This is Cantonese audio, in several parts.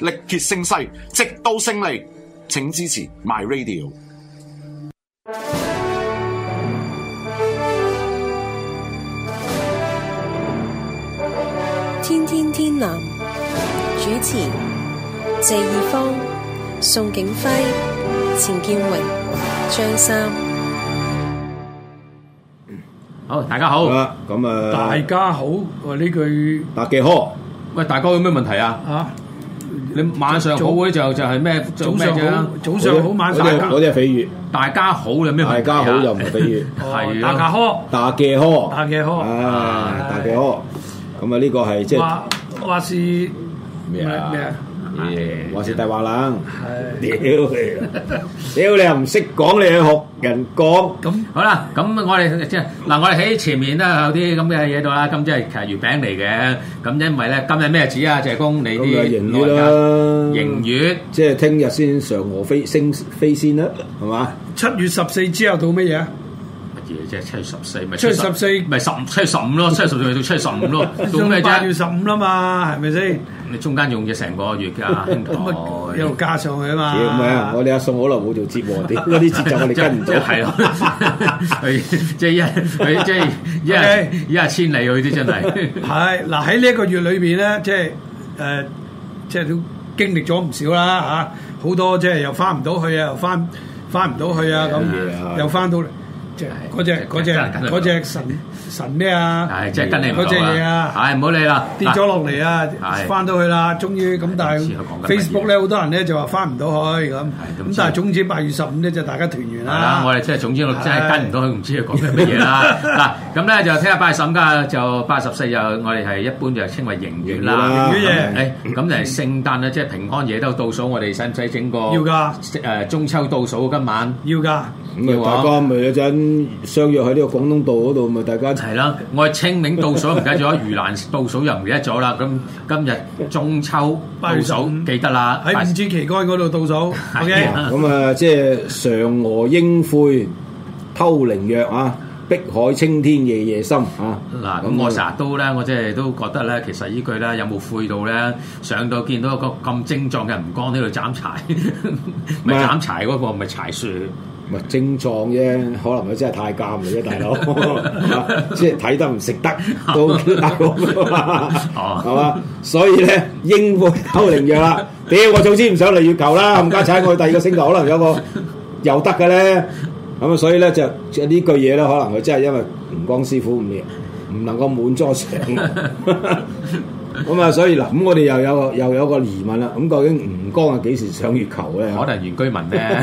力竭勝勢，直到勝利。請支持 My Radio。天天天藍主持：謝義方、宋景輝、錢建榮、張三。好，大家好咁啊，大家好。我呢、呃、句，白傑科。喂，大哥有咩問題啊？啊？你晚上好，會就就係咩？早上好，早上好，晚上好。嗰啲係嗰啲係比喻。大家好有咩？大家好又唔係比喻。係阿打牙呵，打嘅呵，打嘅呵啊，打嘅呵。咁啊，呢個係即係話話是咩啊？咩啊？我說大話冷，屌你！屌你又唔識講，你去學人講。咁好啦，咁我哋即係嗱，我哋喺前面都有啲咁嘅嘢度啦。今朝係其實月餅嚟嘅，咁因為咧今日咩日子啊？謝公你啲迎月啦，迎月即係聽日先嫦娥飛升飛仙啦，係嘛？七月十四之後到乜嘢？即係七月十四，咪七月十四，咪十七月十五咯，七月十四去到七月十五咯，仲係七月十五啦嘛，係咪先？你中間用咗成個月噶，咁一路加上去啊嘛。唔係啊，我哋阿宋好耐冇做節啲，嗰啲節奏我哋真跟唔到。係咯，即係一即係一日一日千里嗰啲真係。係嗱喺呢一個月裏面咧，即係誒，即係都經歷咗唔少啦嚇，好多即係又翻唔到去啊，又翻翻唔到去啊，咁又翻到嚟。即係嗰隻嗰隻嗰隻神神咩啊？係即係近嚟嗰隻嘢啊！係唔好理啦，跌咗落嚟啊，翻到去啦，終於咁，但係 Facebook 咧，好多人咧就話翻唔到去咁。係咁，但係總之八月十五咧就大家團圓啦。係啦，我哋即係總之我真係跟唔到佢，唔知佢講緊乜嘢啦。嗱咁咧就聽日拜神㗎，就八月十四日，我哋係一般就稱為迎月啦。迎月耶！誒咁誒聖誕咧，即係平安夜都倒數，我哋使唔使整個？要㗎，誒中秋倒數今晚要㗎。咁啊大家咪一陣。相約喺呢個廣東道嗰度，咪大家一齊啦！我係清明倒數，唔記得咗盂蘭倒數又唔記得咗啦。咁今日中秋倒數訟記得啦，喺訟五株奇觀嗰度倒數。的 OK，咁啊，即係嫦娥應悔偷靈藥啊！碧海青天夜夜心啊！嗱麼，咁我成日都咧，我即係都覺得咧，其實句呢句咧有冇悔到咧？上到見到一個咁精壯嘅吳剛喺度斬柴，咪 斬柴嗰、嗰個咪柴樹。唔係症狀啫，可能佢真係太監嚟啫，大佬，即係睇得唔食得都啊，係嘛？ 所以咧，應付偷靈藥啦！屌我，早知唔想嚟月球啦，唔加踩過去第二個星球可能有個又得嘅咧。咁啊，所以咧就就呢、是、句嘢咧，可能佢真係因為吳光師傅唔唔能夠滿桌食。 咁啊， 所以嗱，咁我哋又有又有個疑問啦。咁究竟吳剛啊幾時上月球咧？可能原居民咧，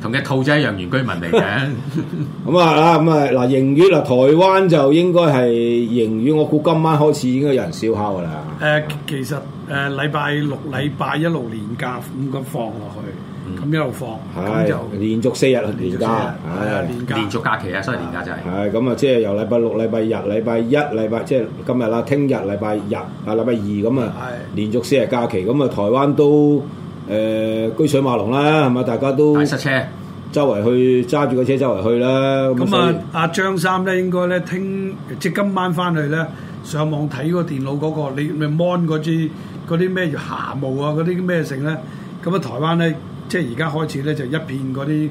同佢兔仔一樣原居民嚟嘅。 咁啊啊，咁啊嗱，鰻魚啊，台灣就應該係鰻魚。我估今晚開始應該有人燒烤噶啦。誒、呃，其實誒、呃、禮拜六、禮拜一路年假，咁樣放落去。嗯、一路放，咁就連續四日連假連，連續假期啊，所以年假就係、是。係咁啊，即係由禮拜六、禮拜日、禮拜一、禮拜即係今日啦，聽日禮拜日啊，禮拜是二咁啊，連續四日假期。咁啊，台灣都誒、呃、居水馬龍啦，係咪大家都塞車？周圍去揸住個車周圍去啦。咁啊，阿張三咧，應該咧聽即係今晚翻去咧，上網睇個電腦嗰、那個，你咪 mon 嗰支嗰啲咩叫霞霧啊，嗰啲咩性咧。咁啊，台灣咧～即係而家開始咧，就一片嗰啲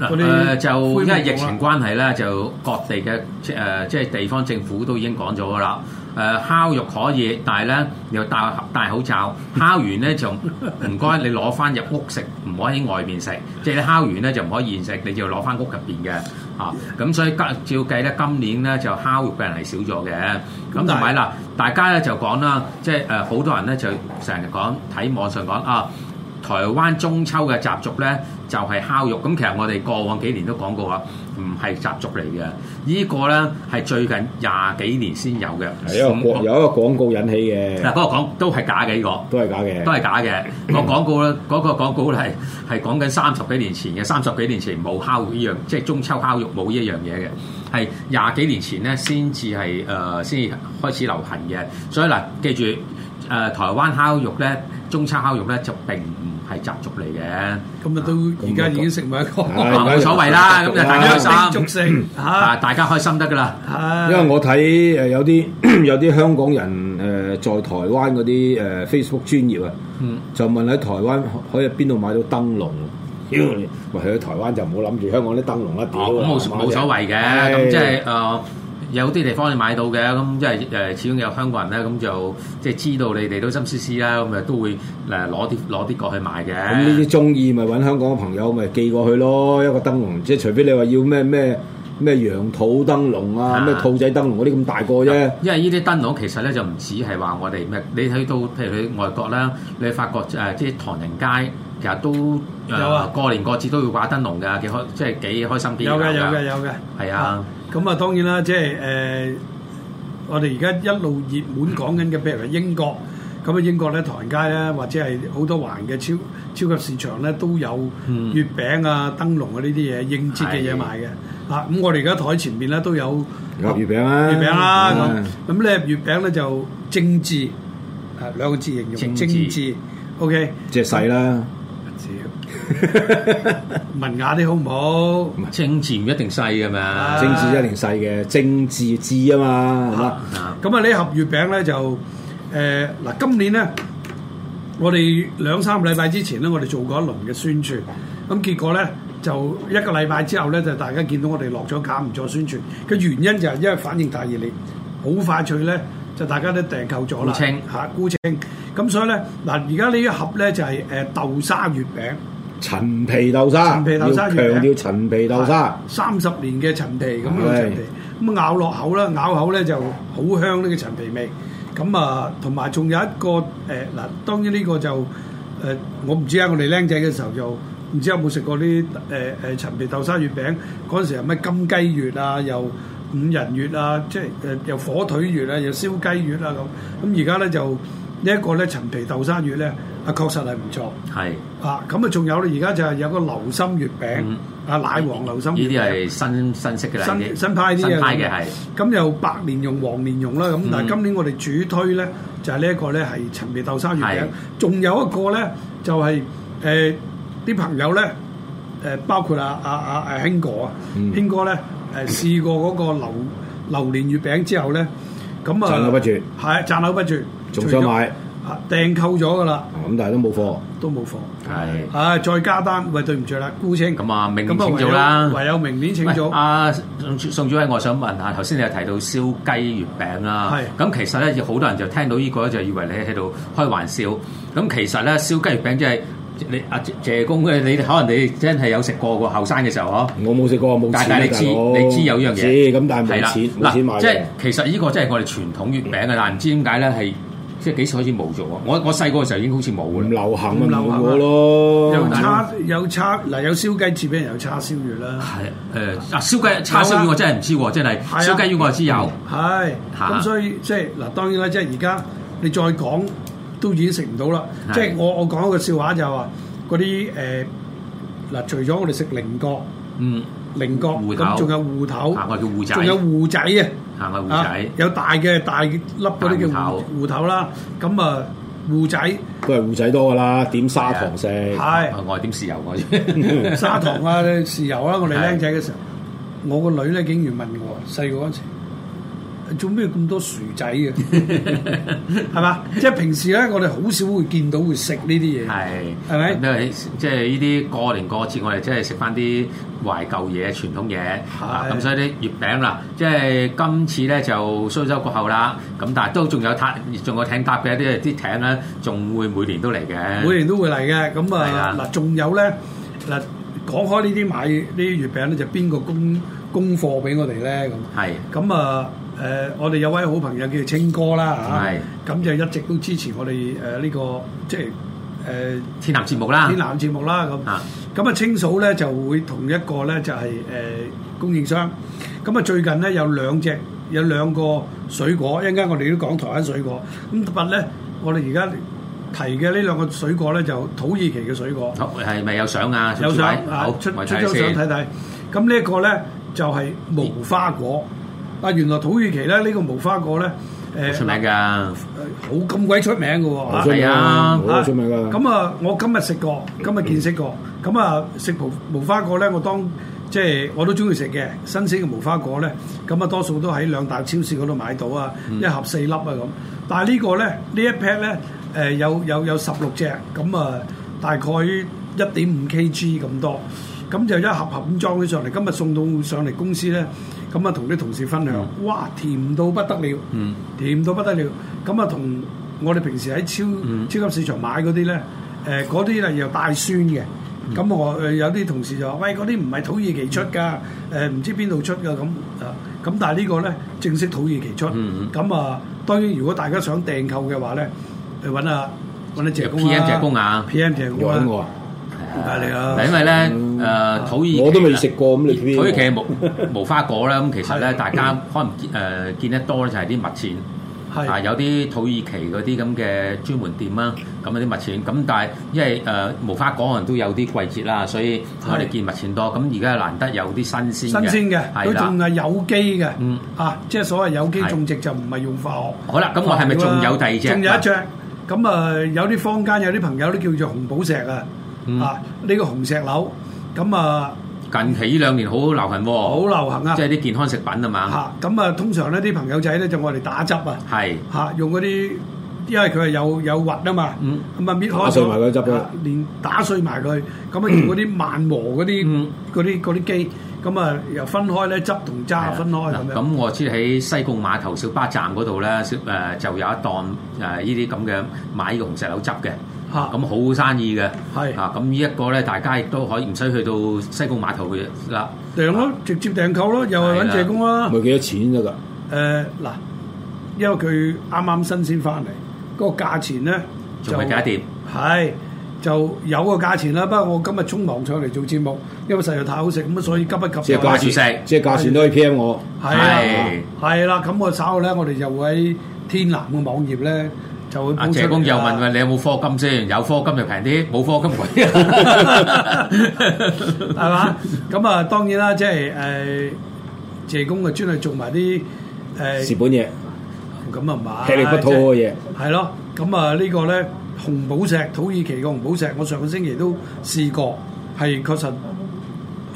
嗱，誒、呃、就因為疫情關係咧，就各地嘅、呃、即係即係地方政府都已經講咗嘅啦。誒、呃、烤肉可以，但係咧又戴戴口罩。烤完咧就唔該，你攞翻入屋食，唔可以喺外面食。 即係烤完咧就唔可以現食，你就攞翻屋入邊嘅嚇。咁、啊、所以今照計咧，今年咧就烤肉嘅人係少咗嘅。咁同埋啦，大家咧就講啦，即係誒，好多人咧就成日講，睇網上講啊。台灣中秋嘅習俗咧，就係、是、烤肉。咁其實我哋過往幾年都講過啊，唔係習俗嚟嘅。呢、這個咧係最近廿幾年先有嘅。係一嗯、有一個廣告引起嘅。嗱，嗰個廣都係假嘅依、這個。都係假嘅。都係假嘅。假 個廣告咧，嗰、那個廣告咧係係講緊三十幾年前嘅，三十幾年前冇烤呢樣，即係中秋烤肉冇呢一樣嘢嘅。係廿幾年前咧先至係先先開始流行嘅。所以嗱，記住、呃、台灣烤肉咧，中秋烤肉咧就並唔係習俗嚟嘅，今日都而家已經成為一個，冇所謂啦，咁就大家開心嚇，大家開心得噶啦。因為我睇誒有啲有啲香港人誒在台灣嗰啲誒 Facebook 專頁啊，就問喺台灣可以邊度買到燈籠？喂，喺台灣就唔好諗住香港啲燈籠一點，冇，冇所謂嘅，咁即係誒。有啲地方你買到嘅，咁即係誒，始終有香港人咧，咁就即係知道你哋都心思思啦，咁誒都會誒攞啲攞啲過去買嘅。咁呢啲中意咪揾香港嘅朋友咪寄過去咯，一個燈籠，即係除非你話要咩咩咩羊肚燈籠啊，咩兔仔燈籠嗰啲咁大個啫。因為呢啲燈籠其實咧就唔止係話我哋咩，你睇到譬如去外國啦，你發覺誒即係唐人街。其實都有啊！過年過節都要掛燈籠嘅，幾開即係幾開心啲嘅。有嘅，有嘅，有嘅。係啊，咁啊，當然啦，即係誒，我哋而家一路熱門講緊嘅，譬如話英國，咁啊英國咧唐人街咧，或者係好多環嘅超超級市場咧都有月餅啊、燈籠啊呢啲嘢應節嘅嘢賣嘅。啊，咁我哋而家台前面咧都有月餅啦，月餅啦咁。咁咧月餅咧就精緻啊兩個字形容，精緻。OK，即係細啦。文雅啲好唔好？精緻唔一定細嘅嘛，精緻一定細嘅？精緻之啊嘛。咁啊呢盒月餅咧就誒嗱，今年咧我哋兩三個禮拜之前咧，我哋做過一輪嘅宣傳。咁結果咧就一個禮拜之後咧，就大家見到我哋落咗架唔做宣傳。嘅原因就係因為反應太熱烈，好快脆咧就大家都訂購咗啦。清吓，沽清。咁所以咧嗱，而家呢一盒咧就係誒豆沙月餅。陳皮豆沙，豆沙要強調陳皮豆沙，三十年嘅陳皮咁樣陳皮，咁咬落口啦，咬口咧就好香呢個陳皮味。咁啊，同埋仲有一個誒嗱、呃，當然呢個就誒我唔知啊，我哋僆仔嘅時候就唔知有冇食過啲誒誒陳皮豆沙月餅。嗰陣時係咩金雞月啊，又五仁月啊，即係誒、呃、又火腿月啊，又燒雞月啊咁。咁而家咧就、呢個、呢一個咧陳皮豆沙月咧。啊，確實係唔錯。係啊，咁啊，仲有咧，而家就係有個流心月餅，啊，奶黃流心月餅。呢啲係新新式嘅啦，新新派啲嘅。派嘅係。咁又白蓮蓉、黃蓮蓉啦。咁嗱，今年我哋主推咧，就係呢一個咧係陳皮豆沙月餅。仲有一個咧，就係誒啲朋友咧，誒包括啊啊啊興哥啊，興哥咧誒試過嗰個榴榴蓮月餅之後咧，咁啊，讚口不絕，係讚口不絕，仲想買。訂購咗噶啦，咁但係都冇貨，都冇貨，係，啊再加單，喂，對唔住啦，沽清，咁啊明年請早啦，唯有明年請早。啊，宋主委，我想問下，頭先你又提到燒雞月餅啦，咁其實咧，好多人就聽到依個就以為你喺度開玩笑，咁其實咧燒雞月餅即係你阿謝公咧，你可能你真係有食過，個後生嘅時候呵，我冇食過，冇錢大佬，你知，你知有依樣嘢，咁但係冇錢，冇錢買嘅，即係其實呢個真係我哋傳統月餅啊，但唔知點解咧係。即係幾時開始冇咗啊？我我細個嘅時候已經好似冇咁流行，咁流行過咯。有叉有叉嗱，有燒雞翅畀人，有叉燒魚啦。係，誒嗱，燒雞叉燒魚我真係唔知喎，真係燒雞魚我係知有。係，咁所以即係嗱，當然啦，即係而家你再講都已經食唔到啦。即係我我講一個笑話就係話，嗰啲誒、嗱，除咗我哋食菱角，嗯、菱角，咁仲有芋頭我叫芋仔，仲有芋仔嘅。啊、有大嘅大的粒嗰啲叫芋芋頭啦，咁啊芋仔，都係芋仔多㗎啦，點砂糖食，係我係點豉油我，砂糖啊，豉油啊，我哋僆仔嘅時候，我個女咧竟然問我細個嗰時。做咩咁多薯仔嘅，係嘛？即係平時咧，我哋好少會見到會食呢啲嘢，係係咪？即係呢啲過年過節，我哋即係食翻啲懷舊嘢、傳統嘢。咁係，啊、所以啲月餅啦，即係今次咧就蘇州過後啦。咁但係都仲有搭，仲有艇搭嘅，啲啲艇咧仲會每年都嚟嘅。每年都會嚟嘅。咁啊，嗱，仲有咧嗱，講開呢啲買呢啲月餅咧，就邊個供供貨俾我哋咧？咁係咁啊！誒，我哋有位好朋友叫做青哥啦，吓，咁就一直都支持我哋誒呢個即係誒天南節目啦，天南節目啦，咁，咁啊青嫂咧就會同一個咧就係誒供應商，咁啊最近咧有兩隻有兩個水果，一陣間我哋都講台灣水果，咁特咧我哋而家提嘅呢兩個水果咧就土耳其嘅水果，係咪有相啊？有相啊，出出張相睇睇，咁呢一個咧就係無花果。啊！原來土預期土耳其咧，呢個無花果咧，誒出名㗎，好咁鬼出名嘅喎，係啊，好出名㗎。咁啊，我今日食過，今日見識過，咁啊食無無花果咧，我當即係我都中意食嘅，新鮮嘅無花果咧，咁啊多數都喺兩大超市嗰度買到啊，一盒四粒啊咁。但係呢個咧，呢一 pack 咧，誒有有有十六隻，咁啊大概一點五 kg 咁多，咁就一盒盒咁裝起上嚟，今日送到上嚟公司咧。咁啊，同啲同事分享，嗯、哇，甜到不得了，嗯、甜到不得了。咁啊，同我哋平時喺超、嗯、超級市場買嗰啲咧，誒嗰啲又帶酸嘅，咁、嗯、我誒有啲同事就話，喂，嗰啲唔係土耳其出㗎，誒唔、嗯、知邊度出㗎咁啊。咁、呃、但係呢個咧正式土耳其出，咁啊、嗯，嗯、當然如果大家想訂購嘅話咧，去揾下，揾阿謝工啊，P M 謝工。係啊！嗱，因為咧，誒土耳其我都未食過，咁你土耳其無無花果咧，咁其實咧，大家可能誒見得多咧，就係啲蜜餞，係啊，有啲土耳其嗰啲咁嘅專門店啦，咁嗰啲蜜餞，咁但係因為誒無花果可能都有啲季節啦，所以我哋見蜜餞多，咁而家難得有啲新鮮，新鮮嘅，佢仲係有機嘅，嗯，啊，即係所謂有機種植就唔係用化學。好啦，咁我係咪仲有第二隻？仲有一隻，咁啊，有啲坊間有啲朋友都叫做紅寶石啊。啊！呢個紅石榴咁啊，近期呢兩年好流行喎，好流行啊！即係啲健康食品啊嘛。嚇！咁啊，通常咧啲朋友仔咧就愛嚟打汁啊。係嚇，用嗰啲，因為佢係有有核啊嘛。嗯。咁啊，搣開。打碎埋佢汁嘅。連打碎埋佢，咁啊用嗰啲慢磨嗰啲嗰啲嗰啲機，咁啊又分開咧汁同渣分開咁樣。咁我知喺西貢碼頭小巴站嗰度咧，誒就有一檔誒呢啲咁嘅買紅石榴汁嘅。咁好、啊、生意嘅，係嚇咁呢一個咧，大家亦都可以唔使去到西貢碼頭嘅啦。訂、啊、咯，直接訂購咯，又係揾謝工啦。佢幾多錢得噶？誒嗱，因為佢啱啱新鮮翻嚟，嗰個價錢咧就係搞掂。係就有個價錢啦，不過我今日匆忙上嚟做節目，因為實在太好食咁啊，所以急不及待，即係價錢食，即係價錢都可以 P M 我。係啊，啦，咁我、那個、稍後咧，我哋又會喺天藍嘅網頁咧。阿謝公又問話你有冇課金先？有課金就平啲，冇課金貴啊，係嘛？咁啊，當然啦，即係誒謝公啊，專係做埋啲誒蝕本嘢，咁啊嘛，吃力不討好嘅嘢。係咯，咁啊呢個咧紅寶石，土耳其嘅紅寶石，我上個星期都試過，係確實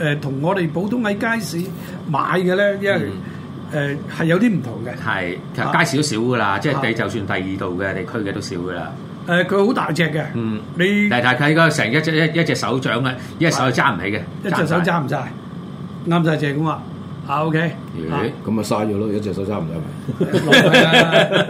誒，同我哋普通喺街市買嘅咧，因為，誒，係有啲唔同嘅，係其實街市都少噶啦，即係你就算第二度嘅地區嘅都少噶啦。誒，佢好大隻嘅，嗯，你嚟睇佢成一隻一一隻手掌嘅，一隻手揸唔起嘅，一隻手揸唔晒，啱晒隻咁啊，吓 OK，咦，咁啊，嘥咗咯，一隻手揸唔晒，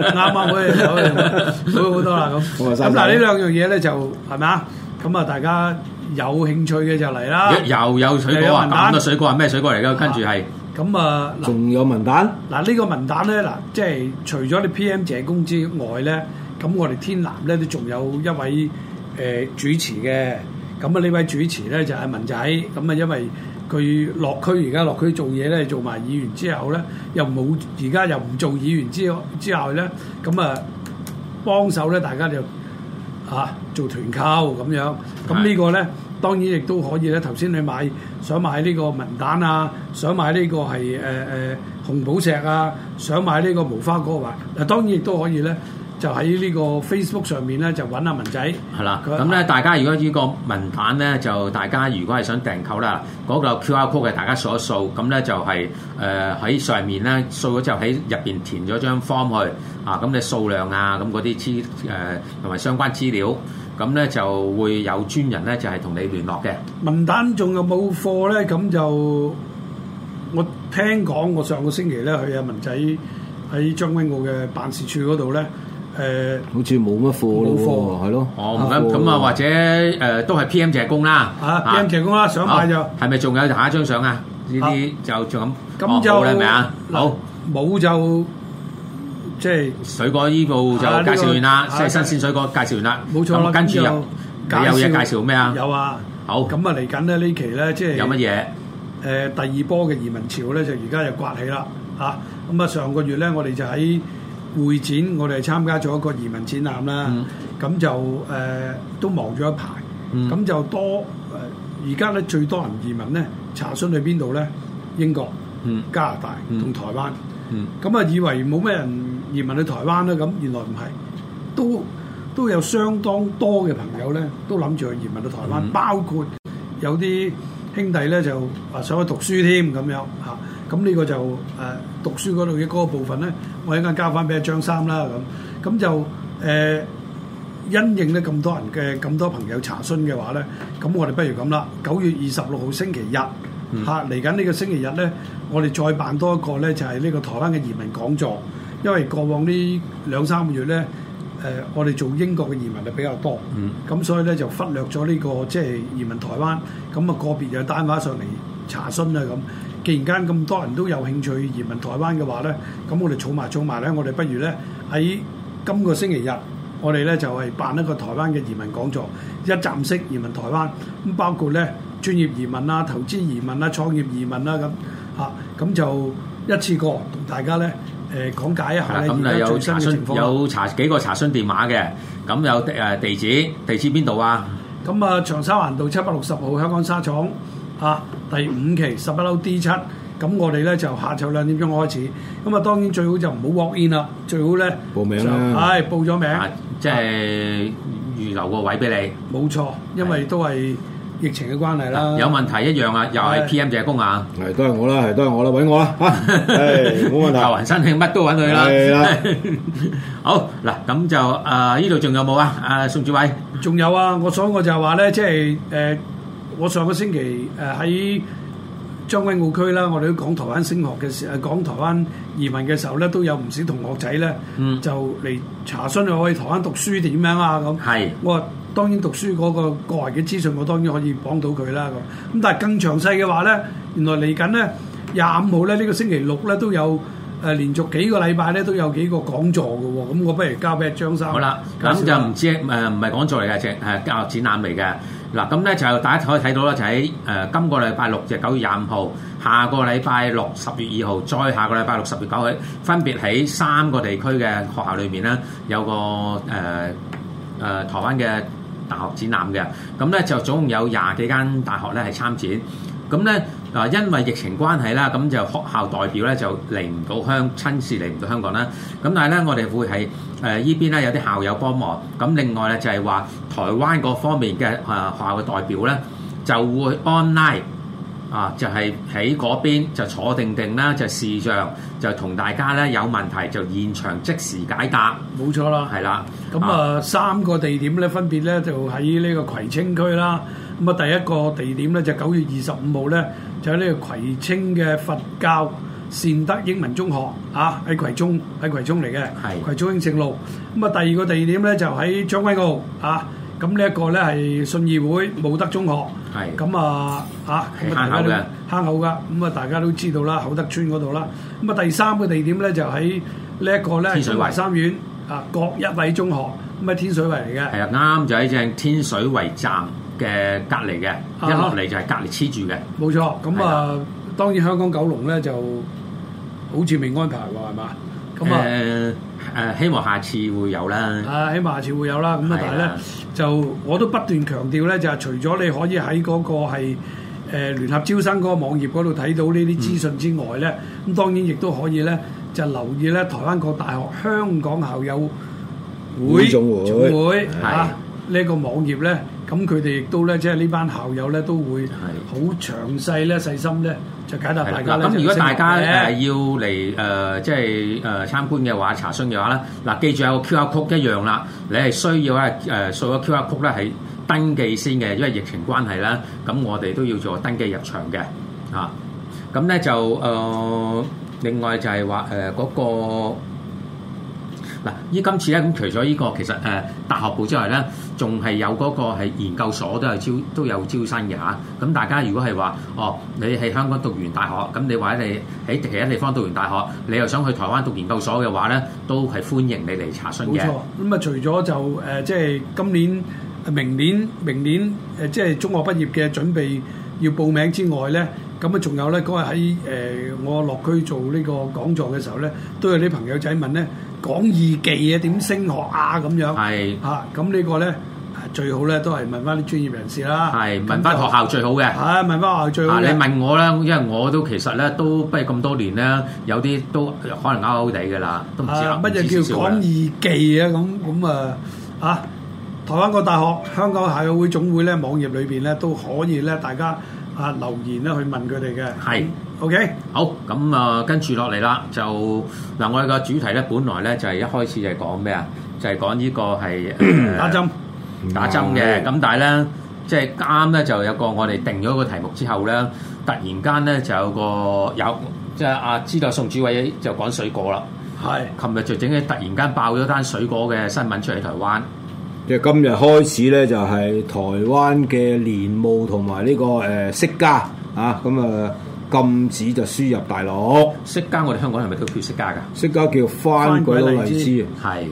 啱啱好，好好多啦咁。咁嗱，呢兩樣嘢咧就係咪啊？咁啊，大家有興趣嘅就嚟啦。又有水果啊？咁多水果係咩水果嚟噶？跟住係。咁啊，仲有文旦嗱，呢個文旦咧嗱，即係除咗啲 P M 謝工之外咧，咁我哋天藍咧都仲有一位誒、呃、主持嘅，咁啊呢位主持咧就係、是、文仔，咁啊因為佢落區而家落區做嘢咧，做埋議員之後咧，又冇而家又唔做議員之後之後咧，咁啊幫手咧，大家就啊做團購咁樣，咁呢個咧。當然亦都可以咧，頭先你買想買呢個文蛋啊，想買呢個係誒誒紅寶石啊，想買呢個、呃、個無花果啊，嗱當然亦都可以咧，就喺呢個 Facebook 上面咧就揾下、啊、文仔。係啦的，咁咧是大家如果呢個文蛋咧就大家如果係想訂購啦，嗰、那個 QR Code 係大家掃一掃，咁咧就係誒喺上面咧掃咗之後喺入邊填咗張 form 去，啊咁你數量啊咁嗰啲資誒同埋相關資料。咁咧就會有專人咧，就係同你聯絡嘅。文單仲有冇貨咧？咁就我聽講，我上個星期咧去阿文仔喺將軍澳嘅辦事處嗰度咧，誒。好似冇乜貨咯。冇貨係咯。哦，唔緊咁啊，或者誒都係 P M 謝工啦。啊，P M 謝工啦，想買就。係咪仲有下一張相啊？呢啲就就咁。咁就係咪啊？好冇就。即係水果依部就介紹完啦，即係新鮮水果介紹完啦，冇錯，跟住有嘢介紹咩啊？有啊，好。咁啊嚟緊咧呢期咧，即係有乜嘢？誒第二波嘅移民潮咧，就而家又刮起啦吓。咁啊上個月咧，我哋就喺會展，我哋參加咗一個移民展覽啦。咁就誒都忙咗一排，咁就多。誒而家咧最多人移民咧，查詢去邊度咧？英國、加拿大同台灣。咁啊以為冇咩人。移民去台灣咧，咁原來唔係，都都有相當多嘅朋友咧，都諗住去移民到台灣，包括有啲兄弟咧就啊想去讀書添咁樣嚇。咁呢個就誒讀書嗰度嘅嗰個部分咧，我一陣間交翻俾阿張三啦咁。咁就誒因應咧咁多人嘅咁多朋友查詢嘅話咧，咁我哋不如咁啦。九月二十六號星期日嚇，嚟緊呢個星期日咧，我哋再辦多一個咧，就係呢個台灣嘅移民講座。因為過往呢兩三個月呢，誒、呃，我哋做英國嘅移民就比較多，咁、嗯、所以呢，就忽略咗呢、這個即係、就是、移民台灣。咁啊個別嘅單位上嚟查詢啊咁。既然間咁多人都有興趣移民台灣嘅話呢，咁我哋儲埋儲埋呢。我哋不如呢，喺今個星期日，我哋呢就係、是、辦一個台灣嘅移民講座，一站式移民台灣咁，包括呢專業移民啦、投資移民啦、創業移民啦咁嚇，咁、啊啊嗯、就一次過同大家呢。誒，講解一下咁啊有查詢，有查幾個查詢電話嘅，咁有誒地址，地址邊度啊？咁啊，長沙環道七百六十號香港沙廠第五期十一樓 D 七。咁我哋咧就下晝兩點鐘開始。咁啊，當然最好就唔好 walk in 啦，最好咧報名啦。係報咗名，即係預留個位俾你。冇錯，因為都係。疫情嘅關係啦，有問題一樣啊，又係 P M 借公啊，係都係我啦，係都係我啦，揾我啊，唉，冇問題，留痕申請乜都揾佢啦，係啦，好嗱，咁就啊，呢度仲有冇啊？啊，宋志偉，仲有啊，我所以我就話咧，即係誒，我上個星期誒喺將軍澳區啦，我哋都講台灣升學嘅時，誒講台灣移民嘅時候咧，都有唔少同學仔咧，嗯，就嚟查詢去可以台灣讀書點樣啊咁，係，我話。當然讀書嗰個個人嘅資訊，我當然可以幫到佢啦。咁咁但係更詳細嘅話咧，原來嚟緊咧廿五號咧呢、這個星期六咧都有誒連續幾個禮拜咧都有幾個講座嘅喎。咁我不如交俾張生。好啦了，咁講 就唔知誒唔係講座嚟嘅，淨係教育展覽嚟嘅。嗱咁咧就大家可以睇到啦，就喺誒、呃、今個禮拜六，即九月廿五號；下個禮拜六十月二號；再下個禮拜六十月九號，分別喺三個地區嘅學校裏面咧有個誒誒、呃呃、台灣嘅。大學展覽嘅，咁咧就總共有廿幾間大學咧係參展，咁咧嗱因為疫情關係啦，咁就學校代表咧就嚟唔到香親自嚟唔到香港啦，咁但係咧我哋會係誒呢邊咧有啲校友幫忙，咁另外咧就係話台灣嗰方面嘅誒學校嘅代表咧就會 online。啊！就係喺嗰邊就坐定定啦，就視像，就同大家咧有問題就現場即時解答，冇錯啦，係啦。咁那啊三個地點咧分別咧就喺呢個葵青區啦。咁啊第一個地點咧就九月二十五號咧就喺呢個葵青嘅佛教善德英文中學啊，喺葵涌，喺葵涌嚟嘅，是的 葵涌興盛路。咁啊第二個地點咧就喺將軍澳啊。咁呢一個咧係信義會武德中學，咁啊嚇，慳口嘅，慳口噶，咁啊大家都知道啦，厚德村嗰度啦。咁啊第三個地點咧就喺呢一個咧天水圍三院啊，郭一葦中學，咁啊天水圍嚟嘅。係啊，啱就喺正天水圍站嘅隔離嘅，一落嚟就係隔離黐住嘅。冇錯，咁啊當然香港九龍咧就好似未安排㗎係嘛？咁啊誒希望下次會有啦，啊希望下次會有啦，咁啊但係咧就我都不斷強調咧，就係、是、除咗你可以喺嗰個係誒、呃、聯合招生嗰個網頁嗰度睇到呢啲資訊之外咧，咁、嗯、當然亦都可以咧就留意咧台灣各大學香港校友會、會總會。呢個網頁咧，咁佢哋亦都咧，即係呢班校友咧，都會係好詳細咧、細心咧，就解答大家咧。咁如果大家咧要嚟誒，即係誒參觀嘅話、查詢嘅話咧，嗱，記住有個 QR code 一樣啦。你係需要咧誒掃個 QR code 咧，係登記先嘅，因為疫情關係啦。咁我哋都要做登記入場嘅。啊，咁咧就誒，另外就係話誒嗰個嗱，依今次咧，咁除咗依個其實誒大學部之外咧。仲係有嗰個係研究所都有招都有招生嘅嚇，咁、啊、大家如果係話哦，你喺香港讀完大學，咁你或者你喺其他地方讀完大學，你又想去台灣讀研究所嘅話咧，都係歡迎你嚟查詢嘅。冇錯，咁啊除咗就誒，即係今年、明年、明年誒，即係中學畢業嘅準備要報名之外咧，咁啊仲有咧，嗰日喺誒我落區做呢個講座嘅時候咧，都有啲朋友仔問咧。講義記啊點升學啊咁樣，係嚇。咁呢個咧最好咧都係問翻啲專業人士啦，係問翻學校最好嘅，係、啊、問翻學校最好嘅、啊。你問我啦，因為我都其實咧都唔係咁多年咧，有啲都可能拗拗地嘅啦，都唔知乜嘢、啊、叫講義記啊咁咁啊嚇、啊啊！台灣個大學、香港校友會總會咧網頁裏邊咧都可以咧，大家。啊！留言咧去問佢哋嘅係 OK 好。咁啊、呃，跟住落嚟啦，就嗱、呃，我哋個主題咧，本來咧就係、是、一開始就係講咩啊？就係、是、講呢個係打針打針嘅。咁，但係咧即係啱咧就有個我哋定咗個題目之後咧，突然間咧就有個有即係阿知道宋子偉就講水果啦，係琴日就整起突然間爆咗單水果嘅新聞出嚟台灣。即係今日開始咧，就係台灣嘅蓮霧同埋呢個誒釋迦啊，咁啊禁止就輸入大陸。釋迦我哋香港係咪叫叫釋迦㗎？釋迦叫番鬼荔枝。係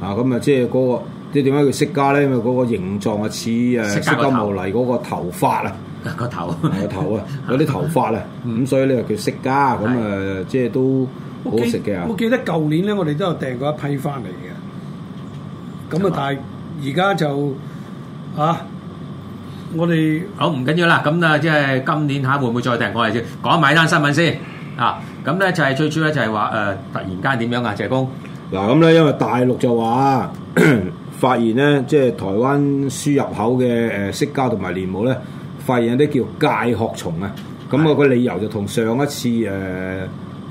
啊，咁啊，即係嗰個即係點解叫釋迦咧？因為嗰個形狀啊，似誒釋迦牟尼嗰個頭髮啊，個頭個頭啊，有啲頭髮啊，咁所以咧就叫釋迦。咁啊，即係都好食嘅。我記得舊年咧，我哋都有訂過一批翻嚟嘅。咁啊，但係。而家就啊，我哋好唔緊要啦。咁啊，即係今年下會唔會再訂過嚟先？講埋單新聞先啊。咁咧就係最主要咧就係話誒，突然間點樣啊？謝工嗱，咁咧因為大陸就話發現咧，即係台灣輸入口嘅誒釋迦同埋蓮霧咧，發現有啲叫介殼蟲啊。咁啊個理由就同上一次誒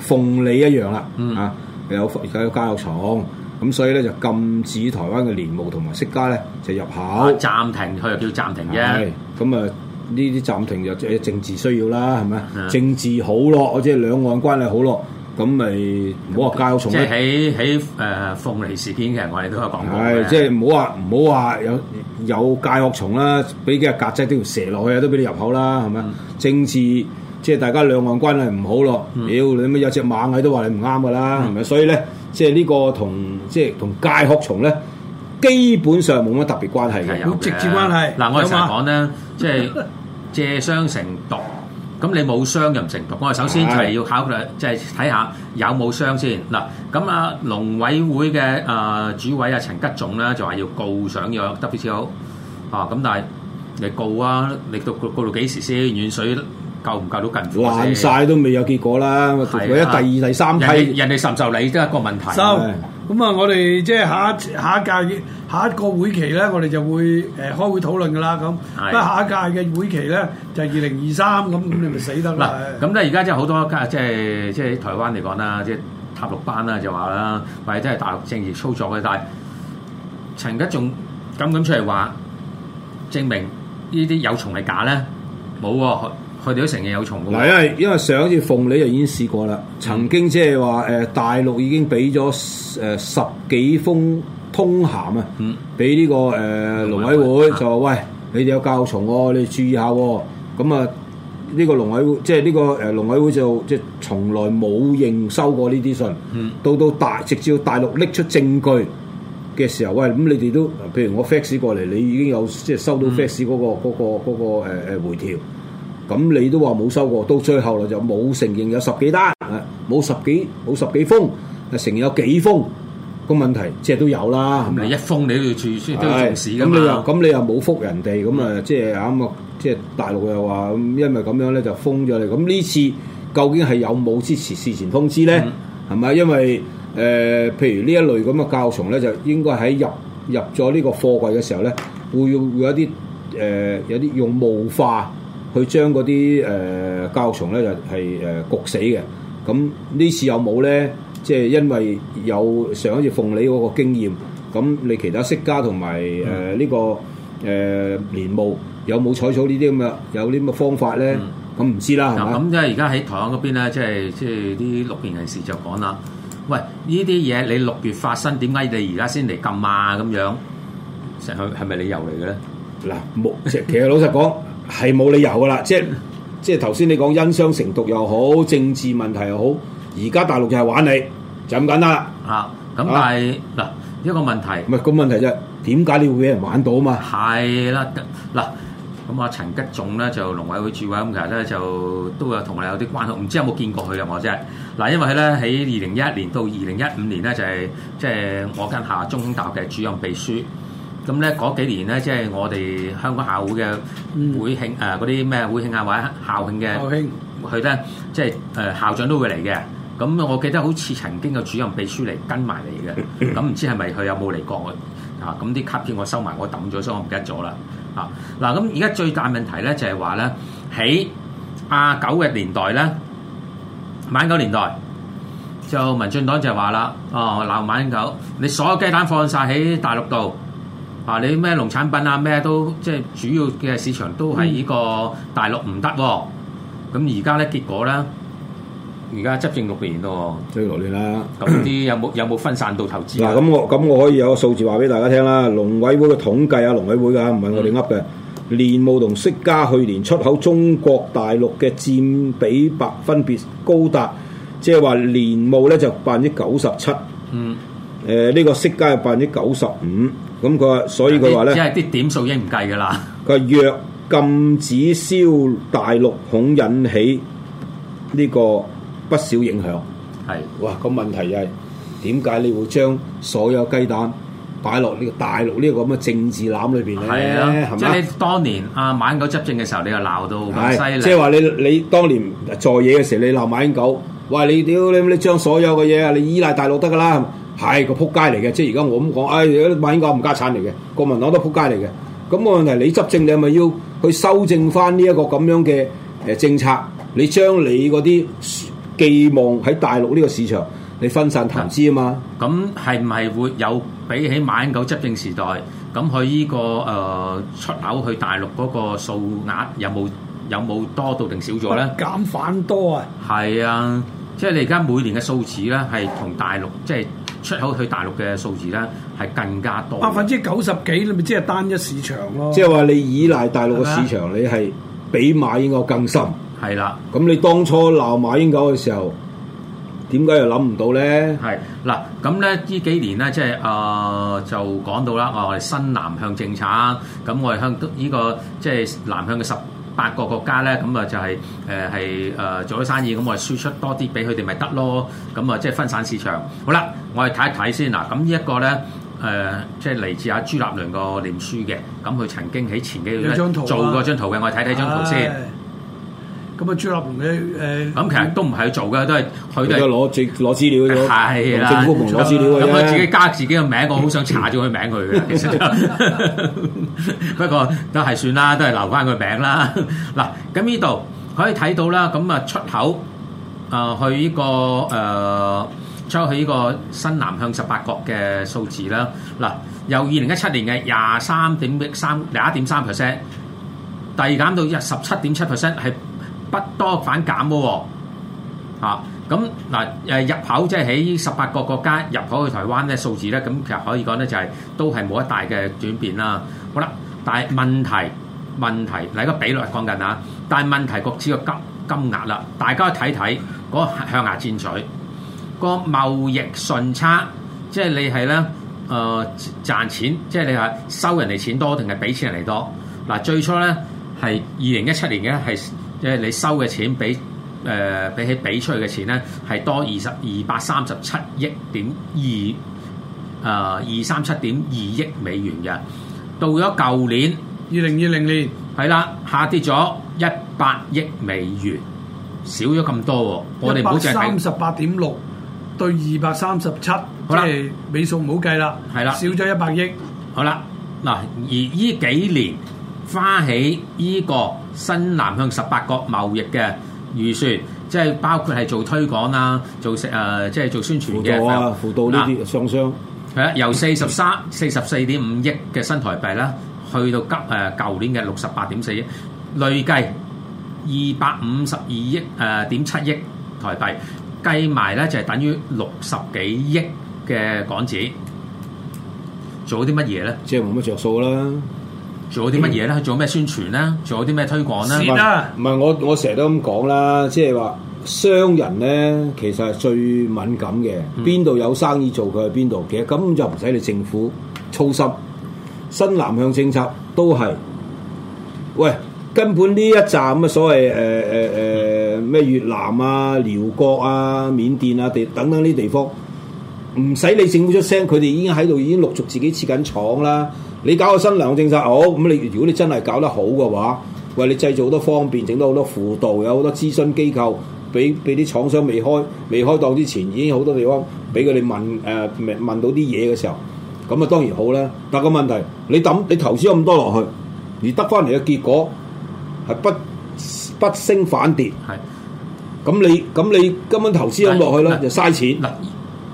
鳳梨一樣啦。嗯啊，有有介殼蟲。咁所以咧就禁止台灣嘅蓮霧同埋釋迦咧就入口，啊、暫停佢又叫暫停啫。咁啊呢啲暫停就即係政治需要啦，係咪、嗯、政治好咯，即、就、係、是、兩岸關係好咯，咁咪唔好話介殼蟲。即係喺喺誒鳳梨事件嘅，我哋、就是、都有講過。係即係唔好話唔好話有有介殼蟲啦，俾幾隻曱甴啲條蛇落去都俾你入口啦，係咪、嗯、政治即係、就是、大家兩岸關係唔好咯，屌、嗯、你乜有隻螞蟻都話你唔啱㗎啦，係咪、嗯？所以咧。即係呢個同即係同介殼蟲咧，基本上冇乜特別關係嘅，有直接關係。嗱，我哋常講咧，即 係借傷成毒，咁你冇傷又唔成毒。我哋首先就係要考慮，即係睇下有冇傷先。嗱，咁阿農委會嘅啊、呃、主委阿、啊、陳吉仲咧就話要告上藥 WTO 啊，咁但係你告啊，你到告到幾時先？遠水夠唔夠到近住？爛晒哇是都未有結果啦！第的一、第二、第三批人哋收受收你都係一個問題。收咁啊！的我哋即係下一下一屆下一個會期咧，我哋就會誒、呃、開會討論噶啦。咁因的下一屆嘅會期咧就二零二三，咁，咁你咪死得啦。咁咧而家即係好多即係即係喺台灣嚟講啦，即、就、係、是、塔綠班啦就話啦，或者係大陸政治操作嘅，但係陳吉仲咁咁出嚟話，證明這些從來呢啲有蟲係假咧，冇。佢哋都成日有蟲㗎嘛？因為上一次鳳梨就已經試過啦，曾經即係話誒大陸已經俾咗誒十幾封通函啊，俾呢、嗯這個誒農委會就話、啊、喂，你哋有教蟲喎、哦，你注意一下喎、哦。咁啊，呢、這個農委會即係呢個誒農委會就即係、就是、從來冇認收過呢啲信。到、嗯、到大直至大陸拎出證據嘅時候，喂，咁你哋都譬如我 fax 過嚟，你已經有即係、就是、收到 fax 嗰、那個嗰、嗯那個嗰、那個、那個呃、回條。咁你都話冇收過，到最後嚟就冇承認有十幾單，冇十幾冇十幾封，承認有幾封個問題，即係都有啦。咁你一封你都要注意，都要重視咁啊？咁你又冇覆人哋，咁啊，即係啱啊！即係大陸又話，因為咁樣咧就封咗你。咁呢次究竟係有冇支持事前通知咧？係咪？因為誒，譬如呢一類咁嘅教蟲咧，就應該喺入入咗呢個貨櫃嘅時候咧，會有會有啲誒，有啲用霧化。佢將嗰啲誒膠蟲咧就係誒焗死嘅，咁呢次有冇咧？即係因為有上一次鳳梨嗰個經驗，咁你其他釋迦同埋誒呢個誒蓮霧有冇採取呢啲咁嘅有呢啲咁嘅方法咧？咁唔知啦。嗱，咁即係而家喺台灣嗰邊咧，即係即係啲陸邊人士就講啦。喂，呢啲嘢你六月發生，點解你而家先嚟禁啊？咁樣成日係咪理由嚟嘅咧？嗱，冇，其實老實講。係冇理由噶啦，即係即係頭先你講因傷成毒又好，政治問題又好，而家大陸就係玩你，就咁簡單啦。啊，咁但係嗱、啊、一個問題，唔係個問題啫、就是，點解你會俾人玩到嗎是啊？嘛係啦，嗱，咁阿陳吉仲咧就農委會主委，咁其實咧就都你有同我哋有啲關係，唔知有冇見過佢啊？我真係嗱，因為咧喺二零一一年到二零一五年咧就係即係我跟下中興大學嘅主任秘書。咁咧嗰幾年咧，即係我哋香港校會嘅會慶，誒嗰啲咩會慶啊，或者校慶嘅，佢咧慶，即係誒校長都會嚟嘅。咁我記得好似曾經嘅主任秘書嚟跟埋嚟嘅。咁唔知係咪佢有冇嚟過啊？咁啲卡片我收埋，我抌咗，所以我唔記得咗啦。啊嗱，咁而家最大問題咧就係話咧，喺阿九嘅年代咧，晚九年代，就民進黨就話啦，哦鬧晚九，你所有雞蛋放晒喺大陸度。啊！你咩農產品啊咩都即係主要嘅市場都係呢個大陸唔得喎。咁而家咧結果咧，而家執政六年咯，追六年啦。咁啲有冇有冇 分散到投資嗱，咁、啊、我咁我可以有個數字話俾大家聽啦。農委會嘅統計啊，農委會噶唔係我哋噏嘅。嗯、蓮霧同釋迦去年出口中國大陸嘅佔比百分別高達，即係話蓮霧咧就百分之九十七。嗯。誒呢、呃呢個釋迦係百分之九十五。咁佢所以佢話咧，即係啲點數已經唔計噶啦。佢 話若禁止燒大陸，恐引起呢個不少影響。係是哇，個問題又係點解你會將所有雞蛋擺落呢個大陸呢個咁嘅政治籃裏邊咧？係啊，吧即係你當年阿、啊、馬英九執政嘅時候，你又鬧到犀利，即係話你你當年做嘢嘅時候，你鬧馬英九，喂你屌你你將所有嘅嘢啊，你依賴大陸得噶啦。係個撲街嚟嘅。即係而家我咁講，誒，馬英九唔家產嚟嘅。國民黨都撲街嚟嘅。咁我問題，你執政你係咪要去修正翻呢一個咁樣嘅誒政策？你將你嗰啲寄望喺大陸呢個市場，你分散投資啊嘛。咁係唔係會有比起馬英九執政時代，咁佢呢個誒出口去大陸嗰個數額有冇有冇多到定少咗咧？減反多啊！係啊。即係你而家每年嘅數字啦，係同大陸即係出口去大陸嘅數字啦，係更加多。百分之九十幾，你咪即係單一市場咯。即係話你依賴大陸嘅市場，係吧，你係比馬英九更深。係啦。咁你當初鬧馬英九嘅時候，點解又諗唔到咧？係嗱，咁咧呢幾年咧，即係啊、呃、就講到啦，我哋新南向政策，咁我哋向呢、呢個即係南向嘅十。八個國家咧，咁啊就係誒係誒做咗生意，咁我哋輸出多啲俾佢哋咪得咯，咁啊即係分散市場。好啦，我哋睇一睇先嗱，咁呢一個咧誒，即係嚟自阿、啊、朱立倫個臉書嘅，咁佢曾經喺前幾日做過張圖嘅，我哋睇睇張圖先、哎。咁啊，朱立倫嘅咁其實都唔係做嘅，都係佢都係攞攞資料係啦，咁佢的、就是、自己加自己嘅名， 我好想查咗佢名佢，嘅，其實 不過都係算啦，都係留翻佢名啦。嗱，咁呢度可以睇到啦，咁啊出口啊、呃、去呢、這個誒，將佢呢個新南向十八國嘅數字啦。嗱、呃，由二零一七年嘅廿三點三廿一點三 percent，遞減到一十七點七 percent 係。不多反減嘅喎、啊，咁嗱誒。入口即係喺十八個國家入口去台灣咧，數字咧，咁其實可以講咧、就是，就係都係冇一大嘅轉變啦。好啦，但係問題問題嗱，個比率講緊啊，但係問題各自嘅金金額啦，大家睇睇嗰個向牙戰取、那個貿易順差，即係你係咧誒賺錢，即係你係收人哋錢多定係俾錢人哋多嗱、啊？最初咧係二零一七年嘅係。即係你收嘅錢比誒、呃、比起俾出去嘅錢咧，係多二十二百三十七億點二啊，二三七點二億美元嘅。到咗舊年二零二零年係啦，下跌咗一百億美元，少咗咁多。我哋唔好一百三十八點六對二百三十七，即係尾數唔好計啦。係啦的，少咗一百億。好啦，嗱而呢幾年。花起依個新南向十八國貿易嘅預算，即係包括係做推廣啊、做食誒、呃、即係做宣傳嘅輔導呢啲雙雙係啊，由四十三、四十四點五億嘅新台幣啦，去到急誒舊、呃、年嘅六十八點四億，累計二百五十二億誒點七億台幣，計埋咧就係等於六十幾億嘅港紙，做咗啲乜嘢咧？即係冇乜着數啦。做啲乜嘢咧？做咩宣傳咧？做啲咩推廣咧？唔係，我我成日都咁講啦，即係話商人咧，其實係最敏感嘅。邊度有生意做，佢去邊度，其實根本就唔使你政府操心。新南向政策都係，喂，根本呢一站嘅所謂誒誒誒咩越南啊、寮國啊、緬甸啊地等等呢啲地方，唔使你政府出聲，佢哋已經喺度已經陸續自己設緊廠啦。你搞個新糧政策好，咁你如果你真係搞得好嘅話，喂，你製造好多方便，整到好多輔導，有好多諮詢機構，俾俾啲廠商未開未開檔之前，已經好多地方俾佢哋問誒、呃、問到啲嘢嘅時候，咁啊當然好啦。但個問題，你抌你投資咁多落去，而得翻嚟嘅結果係不不升反跌，係咁的你咁你根本投資咁落去咧就嘥錢。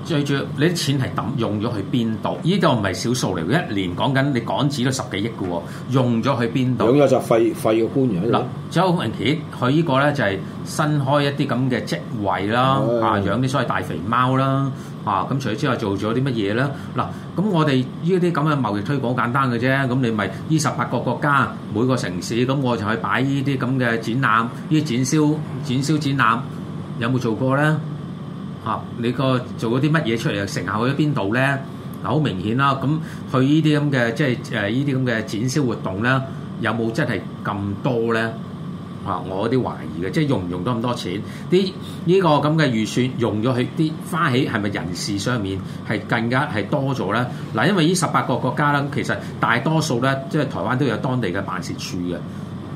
最主要你啲錢係揼用咗去邊度？依個唔係少數嚟，一年講緊你港紙都十幾億嘅喎，用咗去邊度？養嘅就費費嘅官員喺度。嗱，周文傑佢依個咧就係新開一啲咁嘅職位啦、嗯啊，啊，養啲所謂大肥貓啦，啊，咁除咗之外做咗啲乜嘢咧？嗱，咁我哋呢啲咁嘅貿易推廣簡單嘅啫，咁你咪呢十八個國家每個城市，咁我就去擺呢啲咁嘅展覽，呢啲展銷展銷展覽有冇做過咧？嚇！你個做嗰啲乜嘢出嚟啊？成效去咗邊度咧？嗱，好明顯啦。咁去呢啲咁嘅即係誒呢啲咁嘅展銷活動咧，有冇真係咁多咧？嚇！我啲懷疑嘅，即係用唔用到咁多錢？啲呢個咁嘅預算用咗去啲花起係咪人事上面係更加係多咗咧？嗱，因為呢十八個國家咧，其實大多數咧即係台灣都有當地嘅辦事處嘅。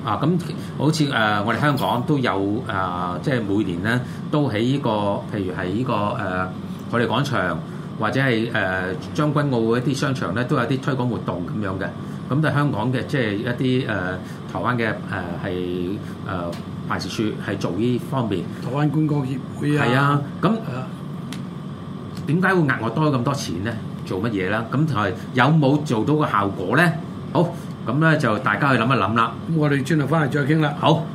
啊，咁好似誒、呃，我哋香港都有誒、呃，即係每年咧都喺呢、這個，譬如喺呢、這個誒、呃，海利廣場或者係誒、呃、將軍澳一啲商場咧，都有啲推廣活動咁樣嘅。咁但香港嘅即係一啲誒、呃，台灣嘅誒係誒辦事處係做呢方面。台灣觀光協會啊。係啊，咁點解會額外多咁多錢咧？做乜嘢啦？咁係有冇做到個效果咧？好。咁咧就大家去諗一諗啦。咁我哋轉頭翻再傾啦。好。